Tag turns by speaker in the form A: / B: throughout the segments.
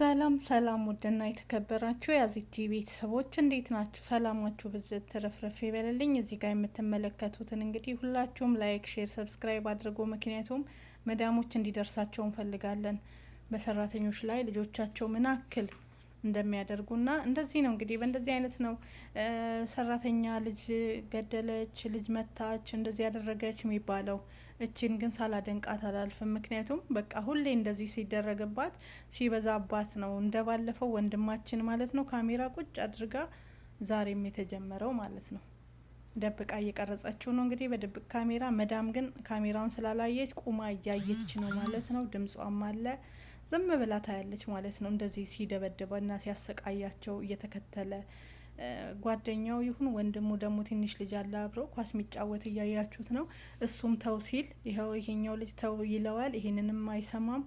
A: ሰላም ሰላም ውድና የተከበራችሁ ቲቪ ቤተሰቦች እንዴት ናችሁ? ሰላማችሁ ብዝት ትረፍረፍ ይበልልኝ። እዚህ ጋር የምትመለከቱትን እንግዲህ ሁላችሁም ላይክ፣ ሼር፣ ሰብስክራይብ አድርጎ ምክንያቱም መዳሞች እንዲደርሳቸው እንፈልጋለን በሰራተኞች ላይ ልጆቻቸው ምን አክል እንደሚያደርጉና እንደዚህ ነው እንግዲህ በእንደዚህ አይነት ነው ሰራተኛ ልጅ ገደለች፣ ልጅ መታች፣ እንደዚህ ያደረገች የሚባለው እችን ግን ሳላደንቃት አላልፍም። ምክንያቱም በቃ ሁሌ እንደዚህ ሲደረግባት ሲበዛባት ነው እንደ ባለፈው ወንድማችን ማለት ነው ካሜራ ቁጭ አድርጋ ዛሬም የተጀመረው ማለት ነው ደብቃ እየቀረጸችው ነው እንግዲህ በድብቅ ካሜራ። መዳም ግን ካሜራውን ስላላየች ቁማ እያየች ነው ማለት ነው። ድምጿም አለ ዝም ብላ ታያለች ማለት ነው። እንደዚህ ሲደበድበና ሲያሰቃያቸው እየተከተለ ጓደኛው ይሁን ወንድሙ ደግሞ ትንሽ ልጅ አለ አብሮ ኳስ የሚጫወት እያያችሁት ነው። እሱም ተው ሲል ይኸው ይሄኛው ልጅ ተው ይለዋል፣ ይሄንንም አይሰማም።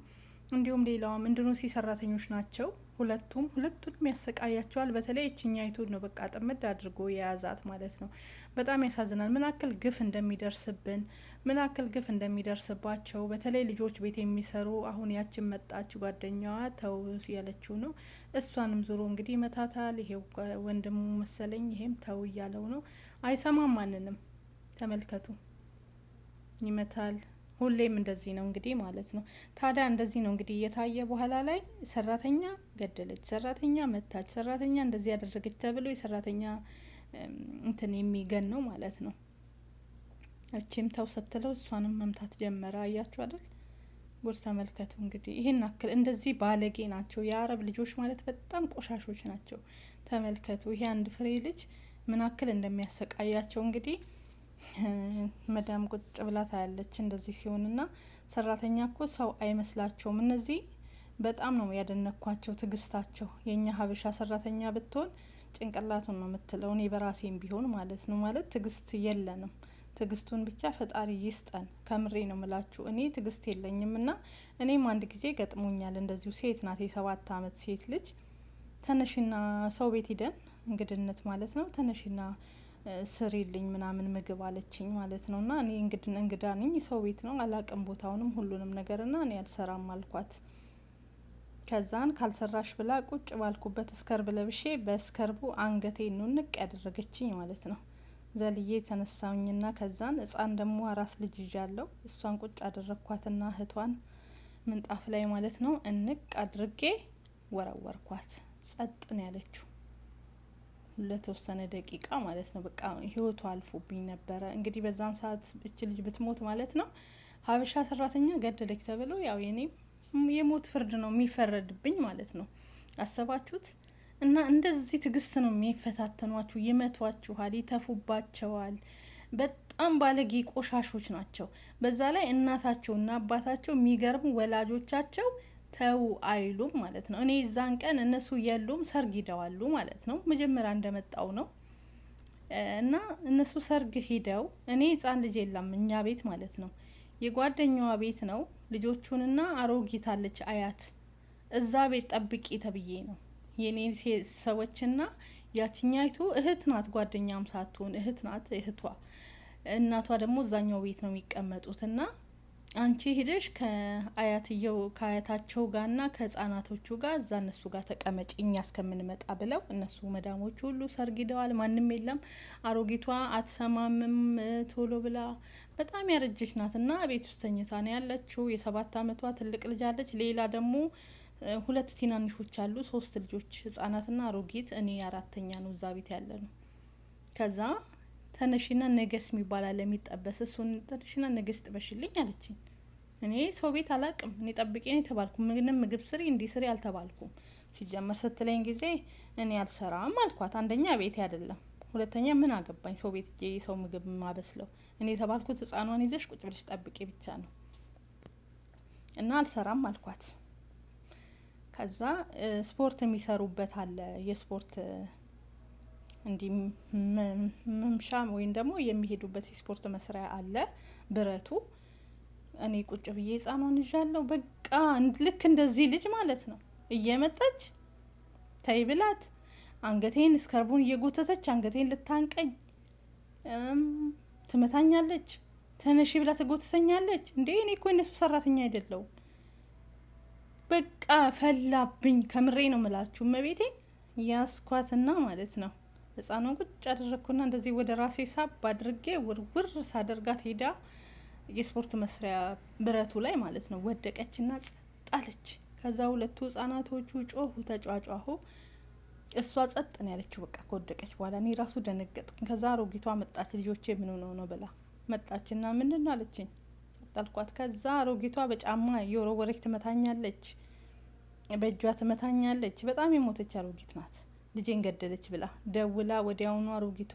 A: እንዲሁም ሌላዋም ሲ ሰራተኞች ናቸው ሁለቱም ሁለቱንም ያሰቃያቸዋል። በተለይ እችኛይቱ ነው በቃ ጥምድ አድርጎ የያዛት ማለት ነው። በጣም ያሳዝናል። ምን አክል ግፍ እንደሚደርስብን ምን አክል ግፍ እንደሚደርስባቸው በተለይ ልጆች ቤት የሚሰሩ አሁን ያችን መጣች ጓደኛዋ ተው ያለችው ነው። እሷንም ዞሮ እንግዲህ ይመታታል ይሄ ወንድሙ መሰለኝ ይሄም ተው እያለው ነው። አይሰማም ማንንም። ተመልከቱ፣ ይመታል ሁሌም እንደዚህ ነው እንግዲህ ማለት ነው። ታዲያ እንደዚህ ነው እንግዲህ እየታየ በኋላ ላይ ሰራተኛ ገደለች፣ ሰራተኛ መታች፣ ሰራተኛ እንደዚህ ያደረገች ተብሎ የሰራተኛ እንትን የሚገን ነው ማለት ነው። እቺም ተው ስትለው እሷንም መምታት ጀመረ። አያችሁ አይደል? ጉድ ተመልከቱ እንግዲህ ይህን አክል እንደዚህ ባለጌ ናቸው የአረብ ልጆች ማለት በጣም ቆሻሾች ናቸው። ተመልከቱ ይሄ አንድ ፍሬ ልጅ ምን አክል እንደሚያሰቃያቸው እንግዲህ መዳም ቁጭ ብላ ታያለች። እንደዚህ ሲሆንና ሰራተኛ እኮ ሰው አይመስላቸውም። እነዚህ በጣም ነው ያደነኳቸው ትዕግስታቸው። የእኛ ሀበሻ ሰራተኛ ብትሆን ጭንቅላቱን ነው የምትለው። እኔ በራሴም ቢሆን ማለት ነው ማለት ትዕግስት የለንም። ትግስቱን ብቻ ፈጣሪ ይስጠን። ከምሬ ነው ምላችሁ። እኔ ትግስት የለኝም እና እኔም አንድ ጊዜ ገጥሞኛል። እንደዚሁ ሴት ናት፣ የሰባት አመት ሴት ልጅ ተነሽና ሰው ቤት ሂደን እንግድነት ማለት ነው ተነሽና ስሪልኝ ምናምን ምግብ አለችኝ ማለት ነው። እና እኔ እንግድ እንግዳ ነኝ ሰው ቤት ነው አላቅም ቦታውንም ሁሉንም ነገር ና እኔ አልሰራም አልኳት። ከዛን ካልሰራሽ ብላ ቁጭ ባልኩበት እስከርብ ለብሼ በእስከርቡ አንገቴ ኑንቅ ያደረገችኝ ማለት ነው። ዘልዬ ተነሳሁኝና ከዛን ህፃን ደግሞ አራስ ልጅ ይዣለሁ እሷን ቁጭ አደረግኳትና እህቷን ምንጣፍ ላይ ማለት ነው እንቅ አድርጌ ወረወርኳት። ጸጥ ነው ያለችው ለተወሰነ ደቂቃ ማለት ነው። በቃ ህይወቱ አልፎብኝ ነበረ። እንግዲህ በዛን ሰዓት እች ልጅ ብትሞት ማለት ነው ሀበሻ ሰራተኛ ገደለች ተብሎ ያው የኔ የሞት ፍርድ ነው የሚፈረድብኝ ማለት ነው። አሰባችሁት? እና እንደዚህ ትግስት ነው የሚፈታተኗችሁ፣ ይመቷችኋል፣ ይተፉባቸዋል። በጣም ባለጌ ቆሻሾች ናቸው። በዛ ላይ እናታቸውና አባታቸው የሚገርሙ ወላጆቻቸው ተው አይሉም ማለት ነው። እኔ እዛን ቀን እነሱ የሉም ሰርግ ሂደዋሉ ማለት ነው። መጀመሪያ እንደመጣው ነው እና እነሱ ሰርግ ሂደው እኔ ህፃን ልጅ የለም እኛ ቤት ማለት ነው። የጓደኛዋ ቤት ነው። ልጆቹንና አሮጊት አለች አያት እዛ ቤት ጠብቂ ተብዬ ነው የኔ ሰዎችና ያችኛይቱ እህት ናት። ጓደኛም ሳትሆን እህት ናት። እህቷ እናቷ ደግሞ እዛኛው ቤት ነው የሚቀመጡት እና አንቺ ሄደሽ ከአያትየው ከአያታቸው ጋር ና ከህጻናቶቹ ጋር እዛ እነሱ ጋር ተቀመጭ እኛ እስከምንመጣ ብለው እነሱ መዳሞቹ ሁሉ ሰርግ ማንም የለም። አሮጊቷ አትሰማምም ቶሎ ብላ በጣም ያረጀች ናት እና ቤት ውስጥ ተኝታ ነው ያለችው። የሰባት አመቷ ትልቅ ልጅ አለች። ሌላ ደግሞ ሁለት ትናንሾች አሉ። ሶስት ልጆች ህጻናትና አሮጊት። እኔ አራተኛ ነው እዛ ቤት ያለ ነው ከዛ ተነሽና ነገስ የሚባላል የሚጠበስ እሱን ተነሽና ነገስ ጥበሽልኝ አለችኝ። እኔ ሰው ቤት አላቅም። እኔ ጠብቄ ነው የተባልኩ። ምንም ምግብ ስሪ እንዲህ ስሪ አልተባልኩም። ሲጀመር ስትለኝ ጊዜ እኔ አልሰራም አልኳት። አንደኛ ቤቴ አይደለም፣ ሁለተኛ ምን አገባኝ ሰው ቤት እ ሰው ምግብ ማበስለው። እኔ የተባልኩት ሕፃኗን ይዘሽ ቁጭ ብለሽ ጠብቄ ብቻ ነው እና አልሰራም አልኳት። ከዛ ስፖርት የሚሰሩበት አለ የስፖርት እንዲህ መምሻ ወይም ደግሞ የሚሄዱበት የስፖርት መስሪያ አለ ብረቱ። እኔ ቁጭ ብዬ ህፃኗን እዣለሁ። በቃ ልክ እንደዚህ ልጅ ማለት ነው እየመጣች ተይ ብላት አንገቴን እስከርቡን እየጎተተች አንገቴን ልታንቀኝ ትመታኛለች። ተነሺ ብላ ትጎትተኛለች። እንዴ እኔ እኮ የነሱ ሰራተኛ አይደለሁም። በቃ ፈላብኝ። ከምሬ ነው ምላችሁ። እመቤቴ ያስኳትና ማለት ነው ህፃኑን ቁጭ አደረግኩና እንደዚህ ወደ ራሴ ሳብ አድርጌ ውርውር ሳደርጋት ሄዳ የስፖርት መስሪያ ብረቱ ላይ ማለት ነው ወደቀችና ጸጥ አለች። ከዛ ሁለቱ ህጻናቶቹ ጮሁ፣ ተጫጫሁ። እሷ ጸጥ ነው ያለችው፣ በቃ ከወደቀች በኋላ እኔ ራሱ ደነገጥኩ። ከዛ አሮጊቷ መጣች፣ ልጆቼ ምን ሆነው ነው ብላ መጣችና ምንድን ነው አለችኝ። ጠልኳት። ከዛ አሮጊቷ በጫማ የወረወረች ትመታኛለች፣ በእጇ ትመታኛለች። በጣም የሞተች አሮጊት ናት። ልጄን ገደለች ብላ ደውላ ወዲያውኑ አሮጊቷ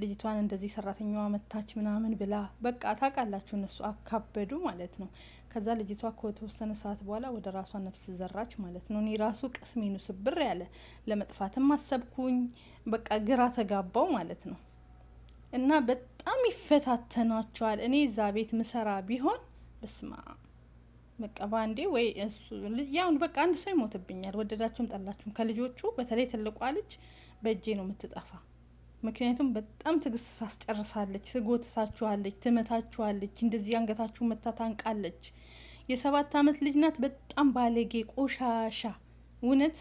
A: ልጅቷን እንደዚህ ሰራተኛዋ መታች ምናምን ብላ በቃ ታውቃላችሁ፣ እነሱ አካበዱ ማለት ነው። ከዛ ልጅቷ ከተወሰነ ሰዓት በኋላ ወደ ራሷ ነፍስ ዘራች ማለት ነው። እኔ ራሱ ቅስሜኑ ስብር ያለ ለመጥፋትም አሰብኩኝ። በቃ ግራ ተጋባው ማለት ነው። እና በጣም ይፈታተናቸዋል። እኔ እዛ ቤት ምሰራ ቢሆን በስማ በቃ በአንዴ ወይ እሱ ያሁን በቃ አንድ ሰው ይሞትብኛል፣ ወደዳችሁም ጠላችሁም። ከልጆቹ በተለይ ትልቋ ልጅ በእጄ ነው የምትጠፋ። ምክንያቱም በጣም ትግስት ታስጨርሳለች፣ ትጎትታችኋለች፣ ትመታችኋለች፣ እንደዚህ አንገታችሁ መታ ታንቃለች። የሰባት አመት ልጅ ናት። በጣም ባለጌ ቆሻሻ፣ እውነት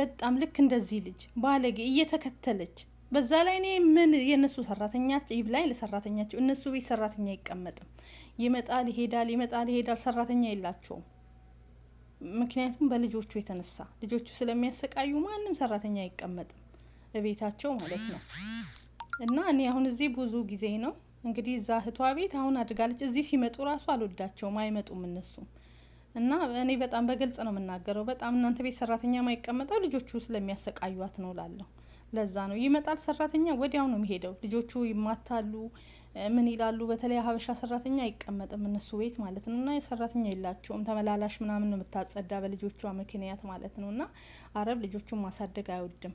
A: በጣም ልክ እንደዚህ ልጅ ባለጌ እየተከተለች በዛ ላይ እኔ ምን የእነሱ ሰራተኛ ይብላኝ ለሰራተኛቸው። እነሱ ቤት ሰራተኛ አይቀመጥም። ይመጣል ይሄዳል፣ ይመጣል ይሄዳል። ሰራተኛ የላቸውም። ምክንያቱም በልጆቹ የተነሳ ልጆቹ ስለሚያሰቃዩ ማንም ሰራተኛ አይቀመጥም ቤታቸው ማለት ነው። እና እኔ አሁን እዚህ ብዙ ጊዜ ነው እንግዲህ እዛ እህቷ ቤት አሁን አድጋለች። እዚህ ሲመጡ ራሱ አልወዳቸውም፣ አይመጡም እነሱም እና እኔ በጣም በግልጽ ነው የምናገረው። በጣም እናንተ ቤት ሰራተኛ ማይቀመጠው ልጆቹ ስለሚያሰቃዩት ነው ላለሁ ለዛ ነው ይመጣል ሰራተኛ ወዲያው ነው የሚሄደው። ልጆቹ ይማታሉ፣ ምን ይላሉ። በተለይ ሀበሻ ሰራተኛ አይቀመጥም እነሱ ቤት ማለት ነው። እና ሰራተኛ የላቸውም ተመላላሽ ምናምን ነው የምታጸዳ በልጆቿ ምክንያት ማለት ነው። እና አረብ ልጆቹን ማሳደግ አይወድም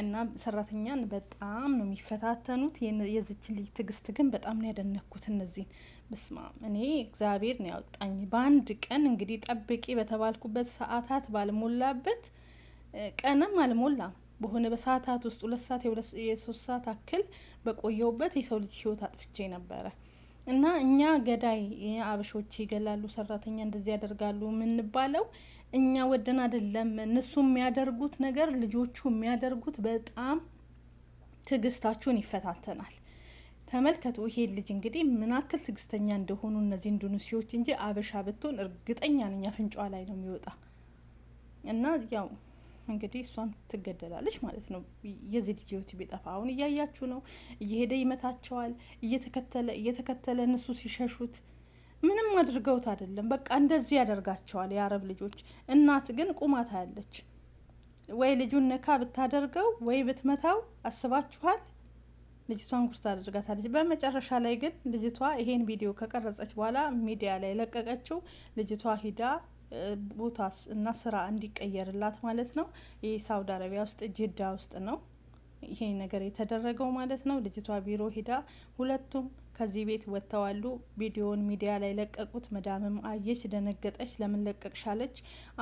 A: እና ሰራተኛን በጣም ነው የሚፈታተኑት። የዚች ልጅ ትግስት ግን በጣም ነው ያደነኩት። እነዚህን በስማ እኔ እግዚአብሔር ነው ያወጣኝ። በአንድ ቀን እንግዲህ ጠብቂ በተባልኩበት ሰዓታት ባልሞላበት ቀንም አልሞላም በሆነ በሰዓታት ውስጥ ሁለት ሰዓት የሶስት ሰዓት አክል በቆየውበት የሰው ልጅ ህይወት አጥፍቼ ነበረ። እና እኛ ገዳይ አበሾች ይገላሉ፣ ሰራተኛ እንደዚህ ያደርጋሉ የምንባለው እኛ ወደን አይደለም። እነሱ የሚያደርጉት ነገር ልጆቹ የሚያደርጉት በጣም ትዕግስታችሁን ይፈታተናል። ተመልከቱ ይሄ ልጅ እንግዲህ ምን አክል ትዕግስተኛ እንደሆኑ እነዚህ ኢንዶኔሲዎች እንጂ አበሻ ብትሆን እርግጠኛ ነኝ አፍንጫዋ ላይ ነው የሚወጣ እና ያው እንግዲህ እሷም ትገደላለች ማለት ነው። የዚህ ልጅ ህይወት ቢጠፋ አሁን እያያችሁ ነው። እየሄደ ይመታቸዋል፣ እየተከተለ እየተከተለ እነሱ ሲሸሹት ምንም አድርገውት አይደለም። በቃ እንደዚህ ያደርጋቸዋል የአረብ ልጆች። እናት ግን ቁማታ ያለች ወይ ልጁን ነካ ብታደርገው ወይ ብትመታው አስባችኋል? ልጅቷን ጉርስ ታደርጋታለች። በመጨረሻ ላይ ግን ልጅቷ ይሄን ቪዲዮ ከቀረጸች በኋላ ሚዲያ ላይ ለቀቀችው። ልጅቷ ሂዳ ቦታ እና ስራ እንዲቀየርላት ማለት ነው። ይህ ሳውዲ አረቢያ ውስጥ ጅዳ ውስጥ ነው ይሄ ነገር የተደረገው ማለት ነው። ልጅቷ ቢሮ ሄዳ ሁለቱም ከዚህ ቤት ወጥተዋሉ። ቪዲዮውን ሚዲያ ላይ ለቀቁት። መዳምም አየች፣ ደነገጠች። ለምን ለቀቅሻለች?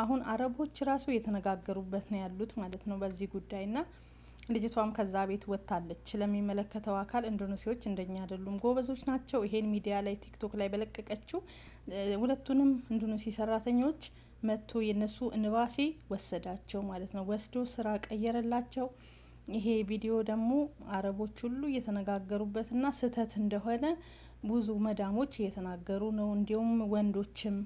A: አሁን አረቦች ራሱ የተነጋገሩበት ነው ያሉት ማለት ነው በዚህ ጉዳይና ልጅቷም ከዛ ቤት ወጥታለች። ለሚመለከተው አካል ኢንዶኔሲዎች እንደኛ አይደሉም፣ ጎበዞች ናቸው። ይሄን ሚዲያ ላይ ቲክቶክ ላይ በለቀቀችው ሁለቱንም ኢንዶኔሲ ሰራተኞች መጥቶ የነሱ እንባሴ ወሰዳቸው ማለት ነው። ወስዶ ስራ ቀየረላቸው። ይሄ ቪዲዮ ደግሞ አረቦች ሁሉ እየተነጋገሩበትና ስህተት እንደሆነ ብዙ መዳሞች እየተናገሩ ነው። እንዲሁም ወንዶችም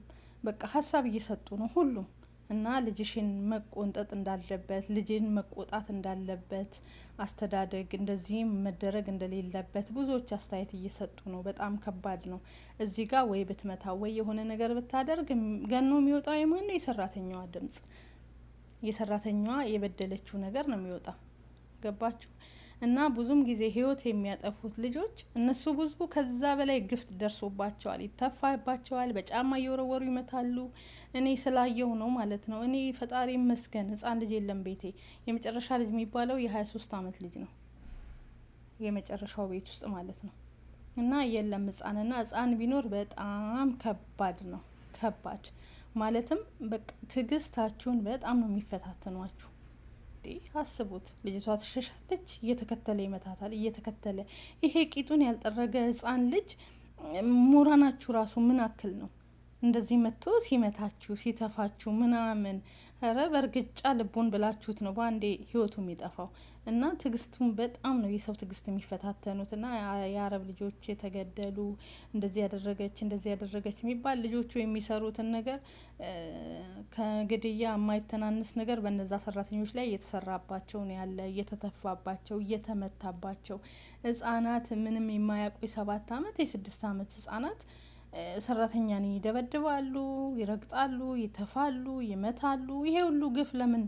A: በቃ ሀሳብ እየሰጡ ነው ሁሉም እና ልጅሽን መቆንጠጥ እንዳለበት ልጅን መቆጣት እንዳለበት አስተዳደግ እንደዚህም መደረግ እንደሌለበት ብዙዎች አስተያየት እየሰጡ ነው። በጣም ከባድ ነው። እዚህ ጋር ወይ ብትመታ ወይ የሆነ ነገር ብታደርግ ገኖ የሚወጣው የማን ነው? የሰራተኛዋ ድምጽ፣ የሰራተኛዋ የበደለችው ነገር ነው የሚወጣ። ገባችሁ? እና ብዙም ጊዜ ህይወት የሚያጠፉት ልጆች እነሱ ብዙ ከዛ በላይ ግፍት ደርሶባቸዋል፣ ይተፋባቸዋል፣ በጫማ እየወረወሩ ይመታሉ። እኔ ስላየው ነው ማለት ነው። እኔ ፈጣሪ ይመስገን ህጻን ልጅ የለም ቤቴ። የመጨረሻ ልጅ የሚባለው የ23 አመት ልጅ ነው የመጨረሻው ቤት ውስጥ ማለት ነው። እና የለም ህጻንና ህጻን ቢኖር በጣም ከባድ ነው ከባድ ማለትም በቃ ትዕግስታችሁን በጣም ነው የሚፈታተኗችሁ። አስቡት። ልጅቷ ትሸሻለች፣ እየተከተለ ይመታታል፣ እየተከተለ ይሄ ቂጡን ያልጠረገ ህፃን ልጅ ሞራናችሁ ራሱ ምን አክል ነው? እንደዚህ መጥቶ ሲመታችሁ ሲተፋችሁ ምናምን ረ በእርግጫ ልቦን ብላችሁት ነው በአንዴ ህይወቱ የሚጠፋው። እና ትግስቱን በጣም ነው የሰው ትግስት የሚፈታተኑት። እና የአረብ ልጆች የተገደሉ እንደዚህ ያደረገች እንደዚህ ያደረገች የሚባል ልጆቹ የሚሰሩትን ነገር ከግድያ የማይተናንስ ነገር በነዛ ሰራተኞች ላይ እየተሰራባቸው ነው ያለ፣ እየተተፋባቸው፣ እየተመታባቸው ህጻናት ምንም የማያውቁ የሰባት አመት የስድስት አመት ህጻናት ሰራተኛን ይደበድባሉ፣ ይረግጣሉ፣ ይተፋሉ፣ ይመታሉ። ይሄ ሁሉ ግፍ ለምን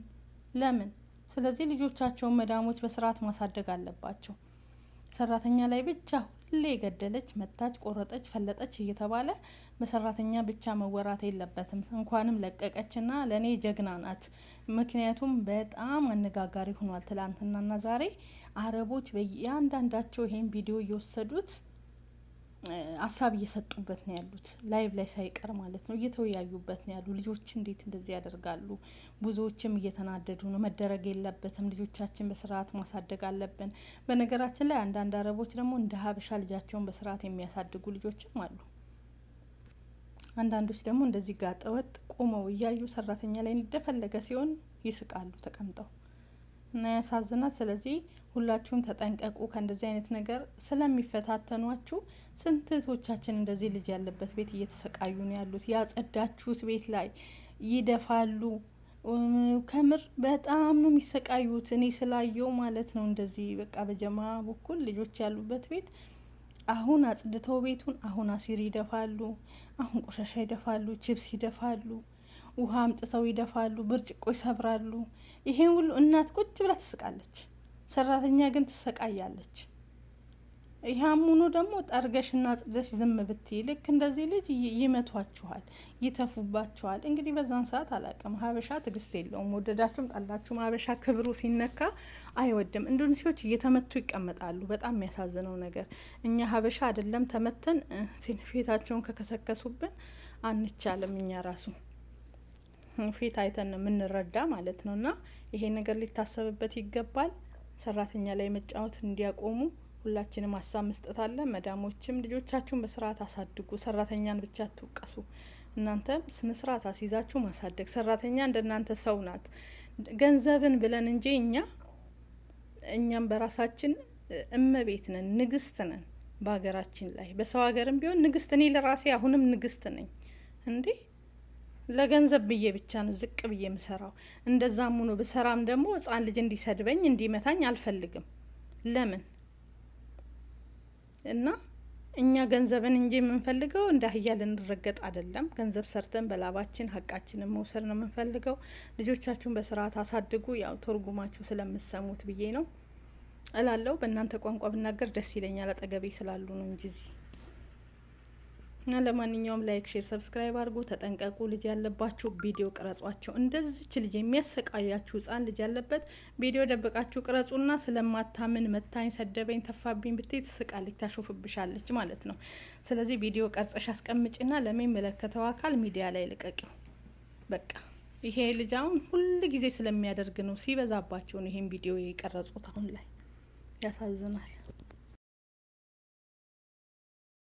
A: ለምን? ስለዚህ ልጆቻቸውን መዳሞች በስርዓት ማሳደግ አለባቸው። ሰራተኛ ላይ ብቻ ሁሌ ገደለች፣ መታች፣ ቆረጠች፣ ፈለጠች እየተባለ በሰራተኛ ብቻ መወራት የለበትም። እንኳንም ለቀቀችና ለእኔ ጀግና ናት። ምክንያቱም በጣም አነጋጋሪ ሆኗል። ትላንትናና ዛሬ አረቦች በእያንዳንዳቸው ይሄን ቪዲዮ እየወሰዱት ሀሳብ እየሰጡበት ነው ያሉት። ላይቭ ላይ ሳይቀር ማለት ነው እየተወያዩበት ነው ያሉ። ልጆች እንዴት እንደዚህ ያደርጋሉ? ብዙዎችም እየተናደዱ ነው። መደረግ የለበትም ልጆቻችን በስርዓት ማሳደግ አለብን። በነገራችን ላይ አንዳንድ አረቦች ደግሞ እንደ ሀበሻ ልጃቸውን በስርዓት የሚያሳድጉ ልጆችም አሉ። አንዳንዶች ደግሞ እንደዚህ ጋጠወጥ ቆመው እያዩ ሰራተኛ ላይ እንደፈለገ ሲሆን ይስቃሉ ተቀምጠው እና ያሳዝናል። ስለዚህ ሁላችሁም ተጠንቀቁ ከእንደዚህ አይነት ነገር ስለሚፈታተኗችሁ። ስንት እህቶቻችን እንደዚህ ልጅ ያለበት ቤት እየተሰቃዩ ነው ያሉት። ያጸዳችሁት ቤት ላይ ይደፋሉ። ከምር በጣም ነው የሚሰቃዩት። እኔ ስላየው ማለት ነው እንደዚህ በቃ በጀማ በኩል ልጆች ያሉበት ቤት አሁን አጽድተው ቤቱን አሁን አሲር ይደፋሉ፣ አሁን ቆሻሻ ይደፋሉ፣ ችብስ ይደፋሉ። ውሃ አምጥተው ይደፋሉ፣ ብርጭቆ ይሰብራሉ። ይሄን ሁሉ እናት ቁጭ ብላ ትስቃለች፣ ሰራተኛ ግን ትሰቃያለች። ሆኖ ደግሞ ጠርገሽ እና ጽደሽ ዝም ብትይ ልክ እንደዚህ ልጅ ይመቷችኋል፣ ይተፉባችኋል። እንግዲህ በዛን ሰዓት አላቅም ሀበሻ ትግስት የለውም። ወደዳችሁም ጠላችሁም ሀበሻ ክብሩ ሲነካ አይወድም። ኢንዶኔሲዎች እየተመቱ ይቀመጣሉ። በጣም የሚያሳዝነው ነገር እኛ ሀበሻ አይደለም ተመተን ፊታቸውን ከከሰከሱብን አንቻልም እኛ ራሱ ፊት አይተን ነው የምንረዳ ማለት ነው። እና ይሄ ነገር ሊታሰብበት ይገባል። ሰራተኛ ላይ መጫወት እንዲያቆሙ ሁላችንም ሀሳብ መስጠት አለ። መዳሞችም ልጆቻችሁን በስርዓት አሳድጉ፣ ሰራተኛን ብቻ አትውቀሱ። እናንተም ስነ ስርዓት አስይዛችሁ ማሳደግ። ሰራተኛ እንደ እናንተ ሰው ናት። ገንዘብን ብለን እንጂ እኛ እኛም በራሳችን እመቤት ነን፣ ንግስት ነን በሀገራችን ላይ በሰው ሀገርም ቢሆን ንግስት። እኔ ለራሴ አሁንም ንግስት ነኝ እንዴ ለገንዘብ ብዬ ብቻ ነው ዝቅ ብዬ የምሰራው። እንደዛም ሆኖ ብሰራም ደግሞ ህፃን ልጅ እንዲሰድበኝ እንዲመታኝ አልፈልግም። ለምን እና እኛ ገንዘብን እንጂ የምንፈልገው እንደ አህያ ልንረገጥ አይደለም። ገንዘብ ሰርተን በላባችን ሀቃችንን መውሰድ ነው የምንፈልገው። ልጆቻችሁን በስርዓት አሳድጉ። ያው ትርጉማችሁ ስለምሰሙት ብዬ ነው እላለሁ። በእናንተ ቋንቋ ብናገር ደስ ይለኛል፣ አጠገቤ ስላሉ ነው እንጂ እዚህ እና ለማንኛውም ላይክ፣ ሼር፣ ሰብስክራይብ አድርጉ። ተጠንቀቁ። ልጅ ያለባችሁ ቪዲዮ ቅረጿቸው። እንደዚች ልጅ የሚያሰቃያችሁ ህጻን ልጅ ያለበት ቪዲዮ ደብቃችሁ ቅረጹና ስለማታምን መታኝ፣ ሰደበኝ፣ ተፋብኝ ብትይ ትስቃለች፣ ታሾፍብሻለች ማለት ነው። ስለዚህ ቪዲዮ ቀርጸሽ አስቀምጭና ለሚመለከተው አካል ሚዲያ ላይ ልቀቂው። በቃ ይሄ ልጅ አሁን ሁል ጊዜ ስለሚያደርግ ነው፣ ሲበዛባቸው ነው ይሄን ቪዲዮ የቀረጹት። አሁን ላይ ያሳዝናል።